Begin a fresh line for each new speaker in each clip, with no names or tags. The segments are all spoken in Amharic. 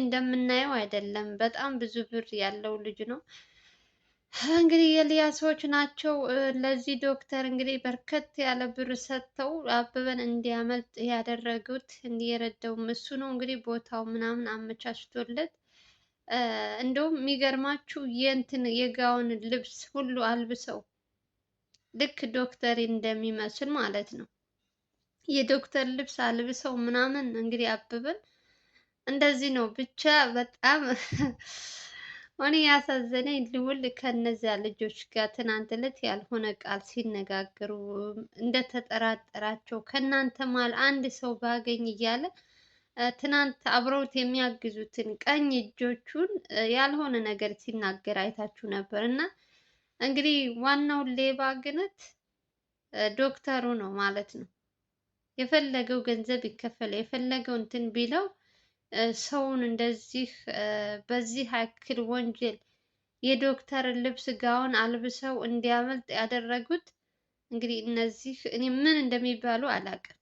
እንደምናየው አይደለም። በጣም ብዙ ብር ያለው ልጅ ነው። እንግዲህ የሊያ ሰዎች ናቸው። ለዚህ ዶክተር እንግዲህ በርከት ያለ ብር ሰጥተው አበበን እንዲያመልጥ ያደረጉት እንዲረዳው እሱ ነው። እንግዲህ ቦታው ምናምን አመቻችቶለት እንደውም የሚገርማችሁ የእንትን የጋውን ልብስ ሁሉ አልብሰው ልክ ዶክተር እንደሚመስል ማለት ነው። የዶክተር ልብስ አልብሰው ምናምን እንግዲህ አበበን እንደዚህ ነው ብቻ። በጣም እኔ ያሳዘነኝ ልውል ከነዚያ ልጆች ጋር ትናንት ዕለት ያልሆነ ቃል ሲነጋገሩ እንደተጠራጠራቸው ከእናንተ መሀል አንድ ሰው ባገኝ እያለ ትናንት አብረውት የሚያግዙትን ቀኝ እጆቹን ያልሆነ ነገር ሲናገር አይታችሁ ነበር። እና እንግዲህ ዋናው ሌባ ግነት ዶክተሩ ነው ማለት ነው። የፈለገው ገንዘብ ይከፈለው የፈለገው እንትን ቢለው ሰውን እንደዚህ በዚህ ያክል ወንጀል የዶክተር ልብስ ጋውን አልብሰው እንዲያመልጥ ያደረጉት እንግዲህ እነዚህ እኔ ምን እንደሚባሉ አላውቅም።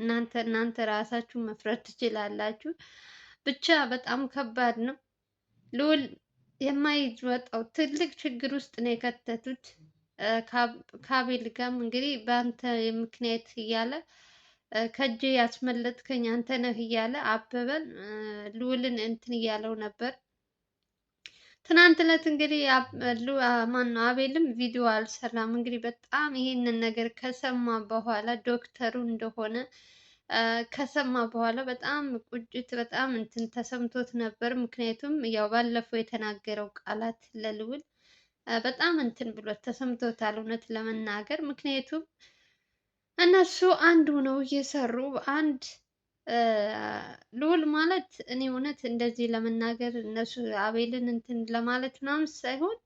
እናንተ እናንተ ራሳችሁ መፍረድ ትችላላችሁ። ብቻ በጣም ከባድ ነው። ልውል የማይወጣው ትልቅ ችግር ውስጥ ነው የከተቱት። ከአቤል ጋርም እንግዲህ በአንተ ምክንያት እያለ ከእጄ ያስመለጥከኝ አንተ ነህ እያለ አበበን ልውልን እንትን እያለው ነበር። ትናንት ዕለት እንግዲህ ማነው አቤልም ቪዲዮ አልሰራም። እንግዲህ በጣም ይሄንን ነገር ከሰማ በኋላ ዶክተሩ እንደሆነ ከሰማ በኋላ በጣም ቁጭት፣ በጣም እንትን ተሰምቶት ነበር። ምክንያቱም ያው ባለፈው የተናገረው ቃላት ለልውል በጣም እንትን ብሎት ተሰምቶታል፣ እውነት ለመናገር ምክንያቱም እነሱ አንድ ሆነው እየሰሩ አንድ ልዑል ማለት እኔ እውነት እንደዚህ ለመናገር እነሱ አቤልን እንትን ለማለት ምናምን ሳይሆን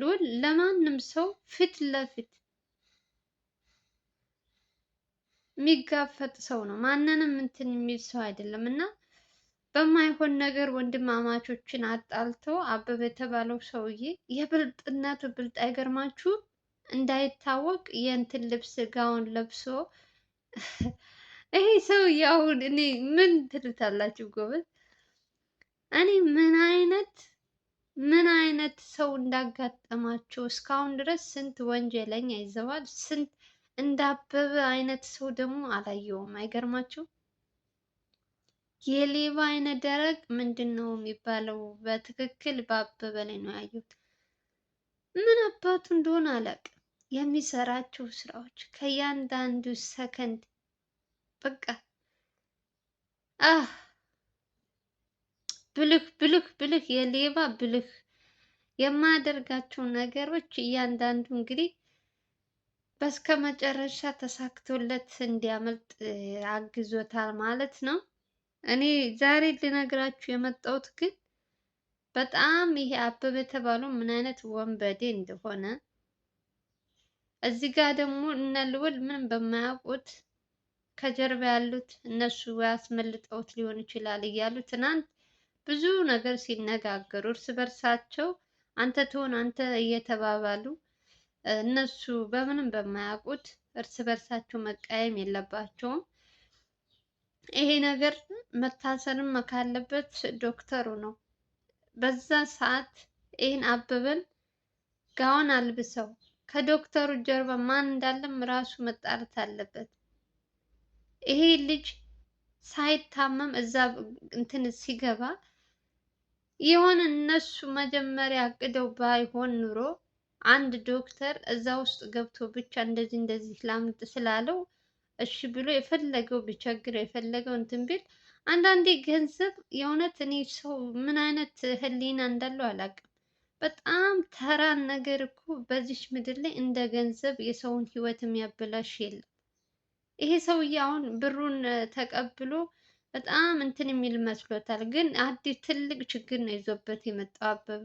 ልዑል ለማንም ሰው ፊት ለፊት የሚጋፈጥ ሰው ነው። ማንንም እንትን የሚል ሰው አይደለም እና በማይሆን ነገር ወንድማማቾችን አጣልቶ አበበ የተባለው ሰውዬ የብልጥነቱ ብልጥ አይገርማችሁም? እንዳይታወቅ የእንትን ልብስ ጋውን ለብሶ ይሄ ሰው ያሁን እኔ ምን ትሉታላችሁ ጎበዝ? እኔ ምን አይነት ምን አይነት ሰው እንዳጋጠማቸው እስካሁን ድረስ ስንት ወንጀለኛ ይዘዋል። ስንት እንዳበበ አይነት ሰው ደግሞ አላየውም። አይገርማችሁ? የሌባ አይነ ደረቅ ምንድን ነው የሚባለው? በትክክል በአበበ ላይ ነው ያየሁት። ምን አባቱ እንደሆነ አላቅ የሚሰራቸው ስራዎች ከእያንዳንዱ ሰከንድ በቃ ብልህ ብልህ ብልህ የሌባ ብልህ የማያደርጋቸው ነገሮች እያንዳንዱ እንግዲህ በስከ መጨረሻ ተሳክቶለት እንዲያመልጥ አግዞታል ማለት ነው። እኔ ዛሬ ልነግራችሁ የመጣሁት ግን በጣም ይሄ አበበ የተባለው ምን አይነት ወንበዴ እንደሆነ እዚህ ጋር ደግሞ እነ ልዑል ምን በማያውቁት ከጀርባ ያሉት እነሱ ያስመልጠውት ሊሆን ይችላል እያሉ ትናንት ብዙ ነገር ሲነጋገሩ እርስ በርሳቸው አንተ ትሆን አንተ እየተባባሉ እነሱ በምንም በማያውቁት እርስ በርሳቸው መቃየም የለባቸውም። ይሄ ነገር መታሰርም ካለበት ዶክተሩ ነው። በዛ ሰዓት ይህን አበበን ጋውን አልብሰው ከዶክተሩ ጀርባ ማን እንዳለም ራሱ መጣራት አለበት። ይሄ ልጅ ሳይታመም እዛ እንትን ሲገባ የሆነ እነሱ መጀመሪያ አቅደው ባይሆን ኑሮ አንድ ዶክተር እዛ ውስጥ ገብቶ ብቻ እንደዚህ እንደዚህ ላምጥ ስላለው እሺ ብሎ የፈለገው ቢቸግረው የፈለገው እንትን ቢል አንዳንዴ ገንዘብ የእውነት እኔ ሰው ምን አይነት ህሊና እንዳለው አላውቅም። በጣም ተራን ነገር እኮ በዚች ምድር ላይ እንደ ገንዘብ የሰውን ህይወት የሚያበላሽ የለም። ይሄ ሰውዬ አሁን ብሩን ተቀብሎ በጣም እንትን የሚል መስሎታል፣ ግን አዲስ ትልቅ ችግር ነው ይዞበት የመጣው አበበ።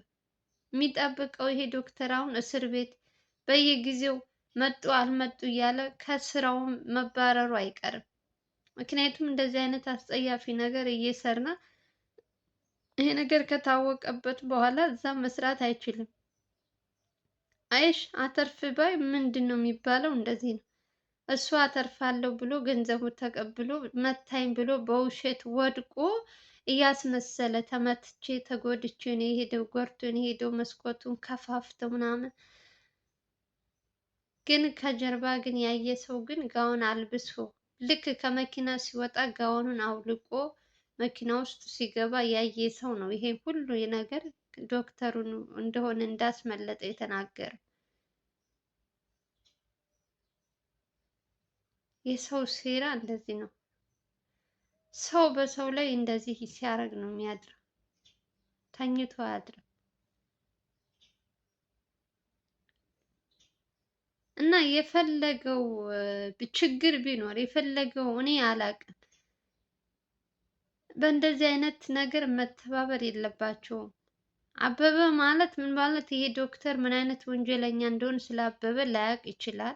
የሚጠብቀው ይሄ ዶክተር አሁን እስር ቤት በየጊዜው መጡ አልመጡ እያለ ከስራውም መባረሩ አይቀርም። ምክንያቱም እንደዚህ አይነት አስጸያፊ ነገር እየሰራ ይሄ ነገር ከታወቀበት በኋላ እዛ መስራት አይችልም። አይሽ አተርፍ ባይ ምንድን ነው የሚባለው? እንደዚህ ነው። እሱ አተርፋለሁ ብሎ ገንዘቡ ተቀብሎ መታኝ ብሎ በውሸት ወድቆ እያስመሰለ ተመትቼ ተጎድቼ ነው የሄደው፣ ጎርቶ ነው የሄደው፣ መስኮቱን ከፋፍተው ምናምን። ግን ከጀርባ ግን ያየ ሰው ግን ጋውን አልብሶ ልክ ከመኪና ሲወጣ ጋውኑን አውልቆ መኪና ውስጥ ሲገባ ያየ ሰው ነው ይሄ ሁሉ ነገር ዶክተሩን እንደሆነ እንዳስመለጠ የተናገረ። የሰው ሴራ እንደዚህ ነው። ሰው በሰው ላይ እንደዚህ ሲያደርግ ነው የሚያድረው። ተኝቶ አያድርም። እና የፈለገው ችግር ቢኖር የፈለገው እኔ አላቅም። በእንደዚህ አይነት ነገር መተባበር የለባቸውም። አበበ ማለት ምን ማለት ይሄ ዶክተር ምን አይነት ወንጀለኛ እንደሆነ ስለ አበበ ላያውቅ ይችላል።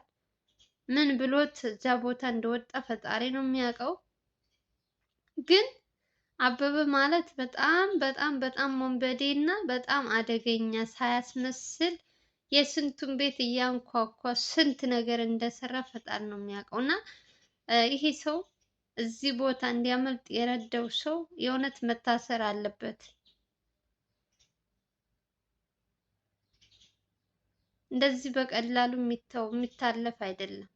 ምን ብሎት እዛ ቦታ እንደወጣ ፈጣሪ ነው የሚያውቀው። ግን አበበ ማለት በጣም በጣም በጣም ወንበዴ እና በጣም አደገኛ ሳያስመስል የስንቱን ቤት እያንኳኳ ስንት ነገር እንደሰራ ፈጣን ነው የሚያውቀው። እና ይሄ ሰው እዚህ ቦታ እንዲያመልጥ የረዳው ሰው የእውነት መታሰር አለበት። እንደዚህ በቀላሉ የሚታለፍ አይደለም።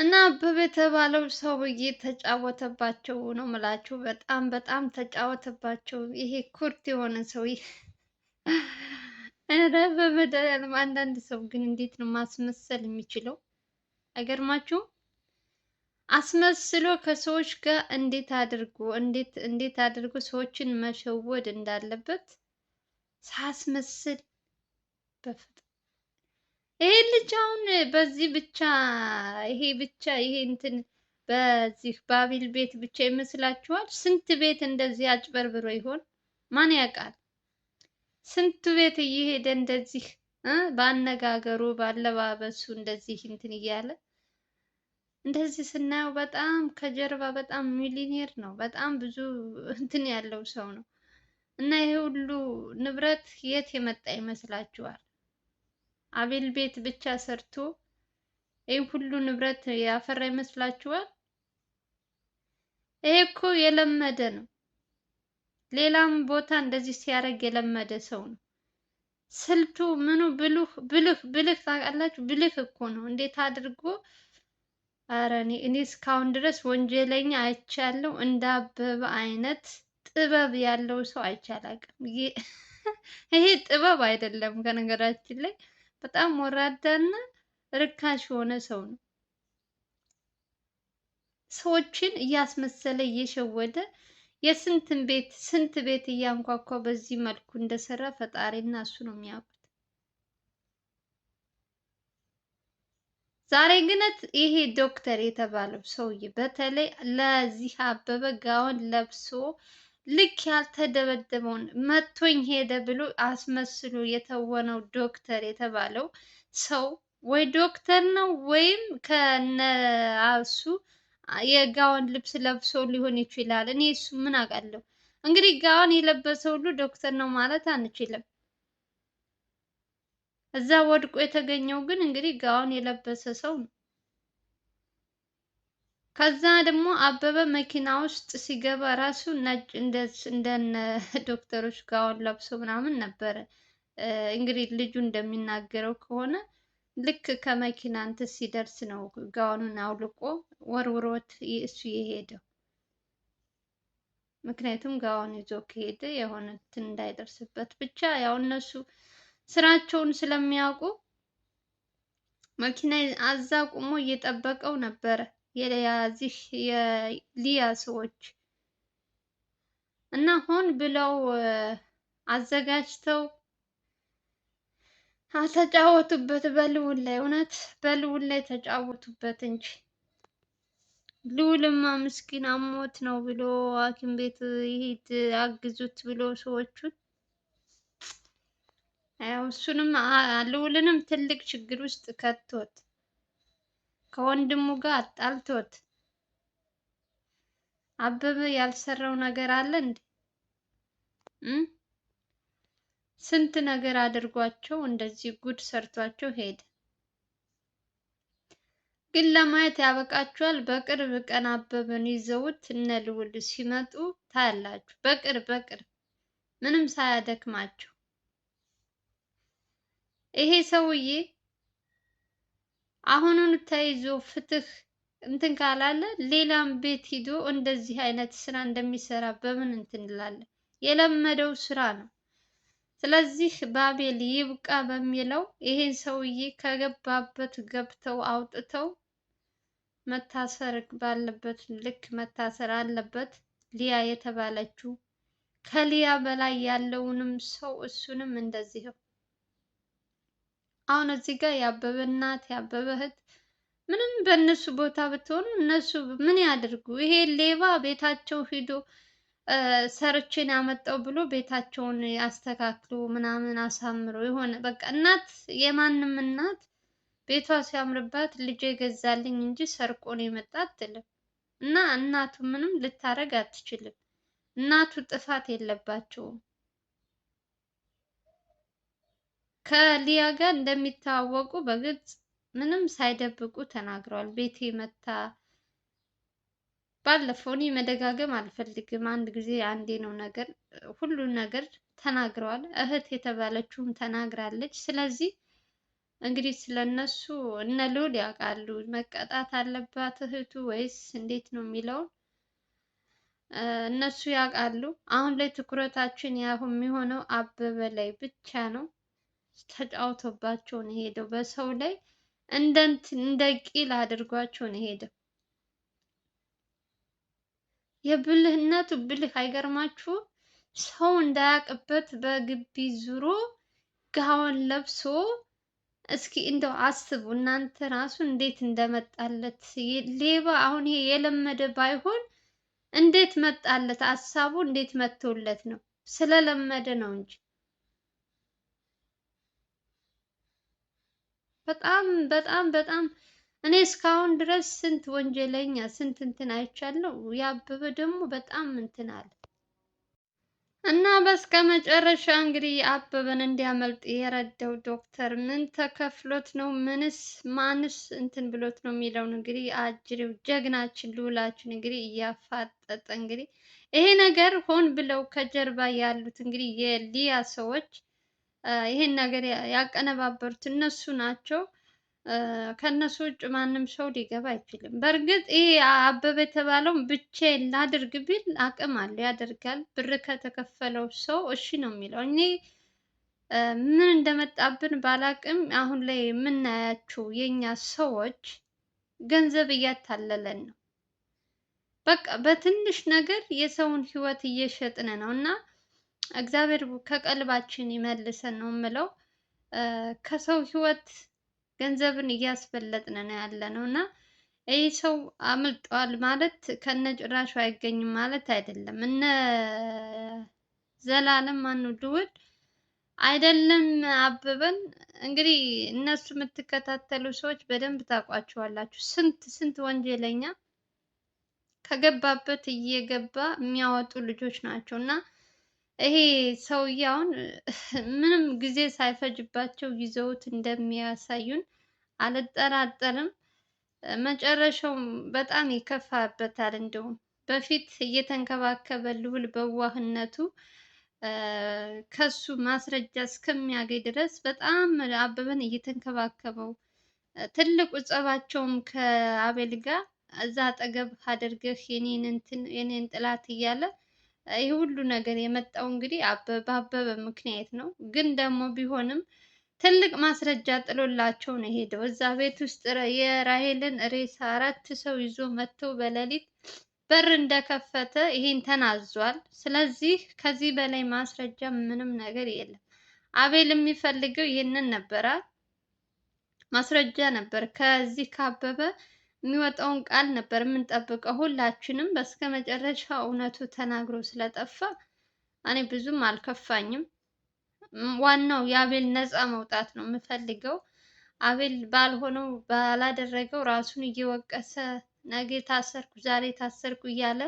እና አበበ የተባለው ሰውዬ ተጫወተባቸው ነው ምላችሁ። በጣም በጣም ተጫወተባቸው። ይሄ ኩርት የሆነ ሰውዬ እረ በመድኃኒዓለም አንዳንድ ሰው ግን እንዴት ነው ማስመሰል የሚችለው? አይገርማችሁም? አስመስሎ ከሰዎች ጋር እንዴት አድርጎ እንዴት እንዴት አድርጎ ሰዎችን መሸወድ እንዳለበት ሳስመስል በፍጥ ይሄ ልጅ አሁን በዚህ ብቻ ይሄ ብቻ ይሄ እንትን በዚህ ባቢል ቤት ብቻ ይመስላችኋል? ስንት ቤት እንደዚህ አጭበርብሮ ይሆን? ማን ያውቃል? ስንቱ ቤት እየሄደ እንደዚህ በአነጋገሩ ባለባበሱ እንደዚህ እንትን እያለ እንደዚህ ስናየው በጣም ከጀርባ በጣም ሚሊኔር ነው። በጣም ብዙ እንትን ያለው ሰው ነው እና ይሄ ሁሉ ንብረት የት የመጣ ይመስላችኋል? አቤል ቤት ብቻ ሰርቶ ይህ ሁሉ ንብረት ያፈራ ይመስላችኋል? ይሄ እኮ የለመደ ነው። ሌላም ቦታ እንደዚህ ሲያደርግ የለመደ ሰው ነው። ስልቱ ምኑ ብልህ ብልህ ብልህ ታውቃላችሁ፣ ብልህ እኮ ነው። እንዴት አድርጎ አረ እኔ እስካሁን ድረስ ወንጀለኛ አይቻለሁ እንዳበበ አይነት ጥበብ ያለው ሰው አይቻላቅም። ይሄ ጥበብ አይደለም ከነገራችን ላይ በጣም ወራዳ እና ርካሽ የሆነ ሰው ነው። ሰዎችን እያስመሰለ እየሸወደ የስንትን ቤት ስንት ቤት እያንኳኳ በዚህ መልኩ እንደሰራ ፈጣሪና እሱ ነው የሚያውቁት። ዛሬ ግነት ይሄ ዶክተር የተባለው ሰውዬ በተለይ ለዚህ አበበ ጋውን ለብሶ ልክ ያልተደበደበውን መቶኝ ሄደ ብሎ አስመስሎ የተወነው ዶክተር የተባለው ሰው ወይ ዶክተር ነው ወይም ከነሱ የጋውን ልብስ ለብሶ ሊሆን ይችላል። እኔ እሱ ምን አውቃለሁ። እንግዲህ ጋውን የለበሰ ሁሉ ዶክተር ነው ማለት አንችልም። እዛ ወድቆ የተገኘው ግን እንግዲህ ጋውን የለበሰ ሰው ነው። ከዛ ደግሞ አበበ መኪና ውስጥ ሲገባ ራሱ ነጭ እንደነ ዶክተሮች ጋውን ለብሶ ምናምን ነበረ። እንግዲህ ልጁ እንደሚናገረው ከሆነ ልክ ከመኪና እንትን ሲደርስ ነው ጋውኑን አውልቆ ወርውሮት እሱ የሄደው። ምክንያቱም ጋውን ይዞ ከሄደ የሆነ እንትን እንዳይደርስበት ብቻ ያው እነሱ ስራቸውን ስለሚያውቁ መኪና አዛ ቁሞ እየጠበቀው ነበረ። የዚህ የሊያ ሰዎች እና ሆን ብለው አዘጋጅተው አልተጫወቱበት። በልዑል ላይ እውነት በልዑል ላይ ተጫወቱበት እንጂ ልዑልማ ምስኪን አሞት ነው ብሎ ሐኪም ቤት ይሂድ አግዙት ብሎ ሰዎቹን ያው እሱንም ልዑልንም ትልቅ ችግር ውስጥ ከቶት ከወንድሙ ጋር አጣልቶት አበበ ያልሰራው ነገር አለ እንዴ? ስንት ነገር አድርጓቸው እንደዚህ ጉድ ሰርቷቸው ሄደ። ግን ለማየት ያበቃችኋል። በቅርብ ቀን አበበን ይዘውት እነ ሲመጡ ታያላችሁ። በቅርብ በቅርብ ምንም ሳያደክማቸው ይሄ ሰውዬ አሁኑን ተይዞ ፍትህ እንትን ካላለ ሌላም ቤት ሂዶ እንደዚህ አይነት ስራ እንደሚሰራ በምን እንትን እንላለን? የለመደው ስራ ነው። ስለዚህ ባቤል ይብቃ በሚለው ይሄን ሰውዬ ከገባበት ገብተው አውጥተው መታሰር ባለበት ልክ መታሰር አለበት። ሊያ የተባለችው ከሊያ በላይ ያለውንም ሰው እሱንም እንደዚህ ነው። አሁን እዚህ ጋር ያበበ እናት ያበበ እህት ምንም በእነሱ ቦታ ብትሆኑ እነሱ ምን ያደርጉ? ይሄ ሌባ ቤታቸው ሂዶ ሰርቼን ያመጣው ብሎ ቤታቸውን ያስተካክሉ ምናምን አሳምሮ የሆነ በቃ እናት የማንም እናት ቤቷ ሲያምርባት ልጅ ገዛልኝ እንጂ ሰርቆ ነው የመጣ አትልም። እና እናቱ ምንም ልታረግ አትችልም። እናቱ ጥፋት የለባቸውም። ከሊያ ጋር እንደሚተዋወቁ በግልጽ ምንም ሳይደብቁ ተናግረዋል። ቤቴ መታ ባለፈው እኔ መደጋገም አልፈልግም። አንድ ጊዜ አንዴ ነው ነገር ሁሉን ነገር ተናግረዋል። እህት የተባለችውም ተናግራለች። ስለዚህ እንግዲህ ስለነሱ እነ ልዑል ያውቃሉ። መቀጣት አለባት እህቱ ወይስ እንዴት ነው የሚለውን እነሱ ያውቃሉ። አሁን ላይ ትኩረታችን ያሁን የሚሆነው አበበ ላይ ብቻ ነው። ተጫውቶባቸው ነው የሄደው። በሰው ላይ እንደ ቂል አድርጓቸው ነው የሄደው። የብልህነቱ ብልህ አይገርማችሁ? ሰው እንዳያውቅበት በግቢ ዙሮ ጋውን ለብሶ እስኪ እንደው አስቡ እናንተ ራሱ እንዴት እንደመጣለት ሌባ። አሁን ይሄ የለመደ ባይሆን እንዴት መጣለት? ሀሳቡ እንዴት መጥቶለት ነው? ስለለመደ ነው እንጂ በጣም በጣም በጣም እኔ እስካሁን ድረስ ስንት ወንጀለኛ ስንት እንትን አይቻለሁ። ያበበ ደግሞ በጣም እንትን አለ እና በስከ መጨረሻ እንግዲህ አበበን እንዲያመልጥ የረዳው ዶክተር ምን ተከፍሎት ነው? ምንስ ማንስ እንትን ብሎት ነው የሚለውን እንግዲህ አጅሬው ጀግናችን ልውላችን እንግዲህ እያፋጠጠ እንግዲህ ይሄ ነገር ሆን ብለው ከጀርባ ያሉት እንግዲህ የሊያ ሰዎች ይሄን ነገር ያቀነባበሩት እነሱ ናቸው። ከእነሱ ውጭ ማንም ሰው ሊገባ አይችልም። በእርግጥ ይሄ አበበ የተባለው ብቻዬን ላድርግ ቢል አቅም አለ፣ ያደርጋል። ብር ከተከፈለው ሰው እሺ ነው የሚለው። እኔ ምን እንደመጣብን ባላቅም አሁን ላይ የምናያቸው የእኛ ሰዎች ገንዘብ እያታለለን ነው። በቃ በትንሽ ነገር የሰውን ህይወት እየሸጥን ነው እና እግዚአብሔር ከቀልባችን ይመልሰን ነው የምለው። ከሰው ህይወት ገንዘብን እያስበለጥን ነው ያለ ነው እና ይህ ሰው አምልጧል ማለት ጭራሹ አይገኝም ማለት አይደለም። እነ ዘላለም ማኑ ልዑል አይደለም አበበን እንግዲህ እነሱ የምትከታተሉ ሰዎች በደንብ ታውቋቸዋላችሁ። ስንት ስንት ወንጀለኛ ከገባበት እየገባ የሚያወጡ ልጆች ናቸው እና ይሄ ሰውዬ አሁን ምንም ጊዜ ሳይፈጅባቸው ይዘውት እንደሚያሳዩን አልጠራጠርም። መጨረሻው በጣም ይከፋበታል። እንደውም በፊት እየተንከባከበ ልውል በዋህነቱ ከሱ ማስረጃ እስከሚያገኝ ድረስ በጣም አበበን እየተንከባከበው ትልቁ ጸባቸውም ከአቤል ጋር እዛ አጠገብ አድርገህ የኔን እንትን የኔን ጥላት እያለ ይህ ሁሉ ነገር የመጣው እንግዲህ አበበ ምክንያት ነው። ግን ደግሞ ቢሆንም ትልቅ ማስረጃ ጥሎላቸው ነው የሄደው። እዛ ቤት ውስጥ የራሄልን ሬሳ አራት ሰው ይዞ መጥቶ በሌሊት በር እንደከፈተ ይሄን ተናዟል። ስለዚህ ከዚህ በላይ ማስረጃ ምንም ነገር የለም። አቤል የሚፈልገው ይህንን ነበረ፣ ማስረጃ ነበር ከዚህ ካበበ የሚወጣውን ቃል ነበር የምንጠብቀው ሁላችንም። በስከ መጨረሻ እውነቱ ተናግሮ ስለጠፋ እኔ ብዙም አልከፋኝም። ዋናው የአቤል ነፃ መውጣት ነው የምፈልገው። አቤል ባልሆነው ባላደረገው ራሱን እየወቀሰ ነገ ታሰርኩ፣ ዛሬ ታሰርኩ እያለ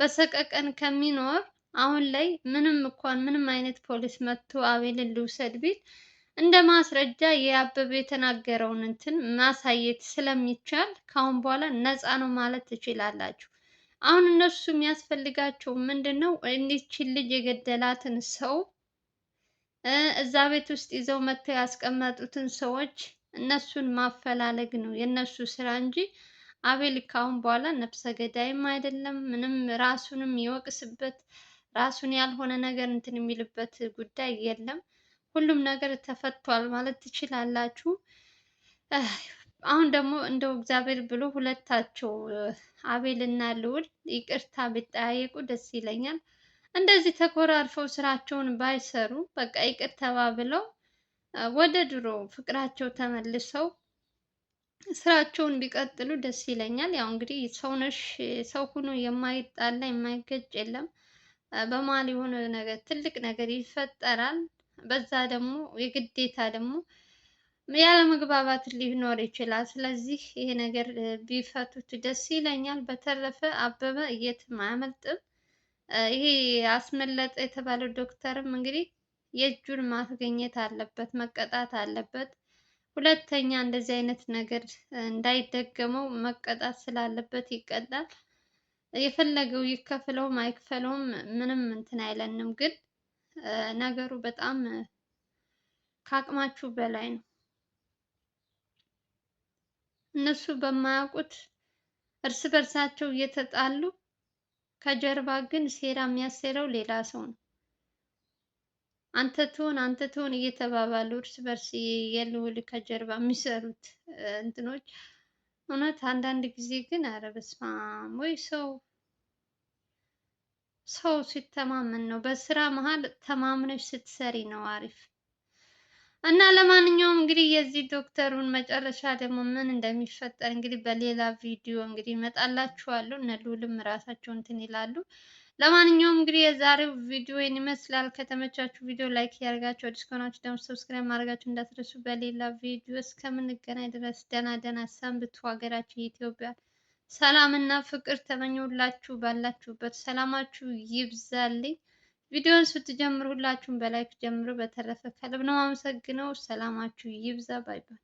በሰቀቀን ከሚኖር አሁን ላይ ምንም እንኳን ምንም አይነት ፖሊስ መጥቶ አቤልን ልውሰድ ቢል እንደ ማስረጃ የአበበ የተናገረውን እንትን ማሳየት ስለሚቻል ካሁን በኋላ ነፃ ነው ማለት ትችላላችሁ። አሁን እነሱ የሚያስፈልጋቸው ምንድን ነው? እንዲችን ልጅ የገደላትን ሰው እዛ ቤት ውስጥ ይዘው መጥተው ያስቀመጡትን ሰዎች እነሱን ማፈላለግ ነው የእነሱ ስራ እንጂ አቤል ካሁን በኋላ ነፍሰ ገዳይም አይደለም ምንም ራሱንም ይወቅስበት ራሱን ያልሆነ ነገር እንትን የሚልበት ጉዳይ የለም። ሁሉም ነገር ተፈቷል ማለት ትችላላችሁ። አሁን ደግሞ እንደው እግዚአብሔር ብሎ ሁለታቸው አቤልና ልዑል ይቅርታ ቢጠያየቁ ደስ ይለኛል። እንደዚህ ተኮራርፈው ስራቸውን ባይሰሩ በቃ ይቅር ተባብለው ወደ ድሮ ፍቅራቸው ተመልሰው ስራቸውን ቢቀጥሉ ደስ ይለኛል። ያው እንግዲህ ሰው ነሽ ሰው ሁኖ የማይጣላ የማይገጭ የለም። በመሀል የሆነ ነገር ትልቅ ነገር ይፈጠራል። በዛ ደግሞ የግዴታ ደግሞ ያለ መግባባት ሊኖር ይችላል። ስለዚህ ይሄ ነገር ቢፈቱት ደስ ይለኛል። በተረፈ አበበ የትም አያመልጥም። ይሄ አስመለጠ የተባለው ዶክተርም እንግዲህ የእጁን ማስገኘት አለበት፣ መቀጣት አለበት። ሁለተኛ እንደዚህ አይነት ነገር እንዳይደገመው መቀጣት ስላለበት ይቀጣል። የፈለገው ይከፍለውም አይክፈለውም ምንም እንትን አይለንም ግን ነገሩ በጣም ከአቅማችሁ በላይ ነው። እነሱ በማያውቁት እርስ በርሳቸው እየተጣሉ ከጀርባ ግን ሴራ የሚያሴረው ሌላ ሰው ነው። አንተ ትሆን አንተ ትሆን እየተባባሉ እርስ በርስ የልውል ከጀርባ የሚሰሩት እንትኖች እውነት አንዳንድ ጊዜ ግን ኧረ በስመ አብ ወይ ሰው ሰው ሲተማመን ነው። በስራ መሀል ተማምነሽ ስትሰሪ ነው አሪፍ። እና ለማንኛውም እንግዲህ የዚህ ዶክተሩን መጨረሻ ደግሞ ምን እንደሚፈጠር እንግዲህ በሌላ ቪዲዮ እንግዲህ ይመጣላችኋሉ። እነ ልዑልም ራሳቸውን እንትን ይላሉ። ለማንኛውም እንግዲህ የዛሬው ቪዲዮ ይመስላል። ከተመቻችሁ ቪዲዮ ላይክ ያደርጋችሁ፣ ዲስኮናችሁ ደግሞ ሰብስክራይብ ማድረጋችሁ እንዳትረሱ። በሌላ ቪዲዮ እስከምንገናኝ ድረስ ደህና ደህና ሰንብቱ። ሀገራችን ኢትዮጵያ ሰላምና ፍቅር ተመኘሁላችሁ። ባላችሁበት ሰላማችሁ ይብዛልኝ። ቪዲዮውን ስትጀምሩ ሁላችሁም በላይክ ጀምሩ። በተረፈ ከልብ ነው አመሰግነው። ሰላማችሁ ይብዛ። ባይ ባይ።